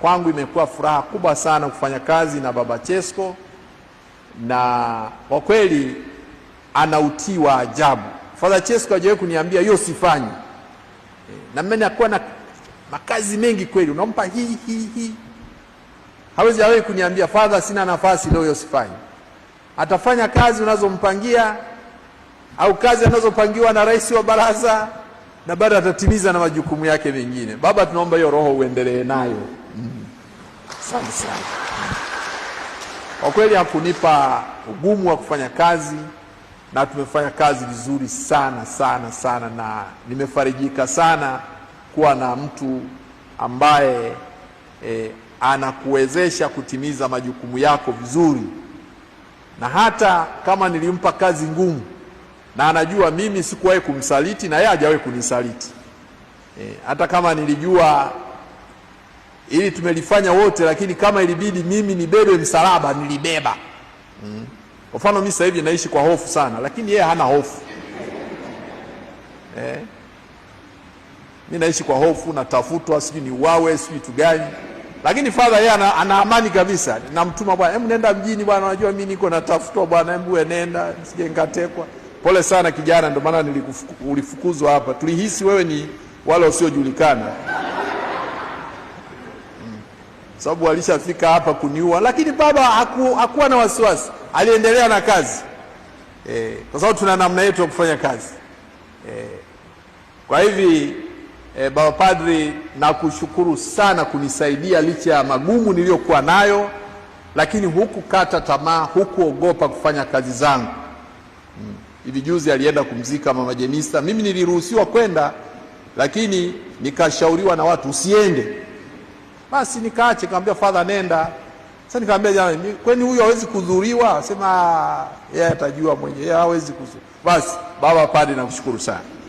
kwangu imekuwa furaha kubwa sana kufanya kazi na Baba Chesko, na kwa kweli ana utii wa ajabu. Father Chesko hajawahi kuniambia hiyo sifanyi, eh, na mimi akuwa na makazi mengi kweli, unampa hii hii hii, hawezi hawahi kuniambia Father, sina nafasi leo, hiyo sifanyi. Atafanya kazi unazompangia au kazi anazopangiwa na rais wa baraza na bado atatimiza na majukumu yake mengine. Baba, tunaomba hiyo roho uendelee nayo. Asante sana kwa kweli, hakunipa ugumu wa kufanya kazi na tumefanya kazi vizuri sana sana sana, na nimefarijika sana kuwa na mtu ambaye eh, anakuwezesha kutimiza majukumu yako vizuri, na hata kama nilimpa kazi ngumu, na anajua mimi sikuwahi kumsaliti na yeye hajawahi kunisaliti eh, hata kama nilijua ili tumelifanya wote, lakini kama ilibidi mimi nibebe msalaba nilibeba. Hmm. Kwa mfano mimi sasa hivi naishi kwa hofu sana, lakini yeye hana hofu eh? Mimi naishi kwa hofu, natafutwa, sijui ni wawe sijui tu gani, lakini father yeye ana, ana amani kabisa. Namtuma bwana, hebu nenda mjini bwana, unajua mimi niko natafutwa bwana, hebu nenda sije nikatekwa. Pole sana kijana, ndio maana nilikufukuzwa hapa, tulihisi wewe ni wale wasiojulikana sababu alishafika hapa kuniua, lakini baba haku, hakuwa na wasiwasi, aliendelea na kazi e, kwa sababu tuna namna yetu ya kufanya kazi e, kwa hivi e, baba padri, nakushukuru sana kunisaidia licha ya magumu niliyokuwa nayo, lakini hukukata tamaa, hukuogopa kufanya kazi zangu hmm. Hivi juzi alienda kumzika mama Jenista, mimi niliruhusiwa kwenda, lakini nikashauriwa na watu usiende basi nikaache kaambia fadha, nenda sasa. nikaambia jana, kwani huyu hawezi kudhuriwa? Sema ah, yeye atajua mwenyewe, hawezi kudhuriwa. Basi baba padi, nakushukuru sana.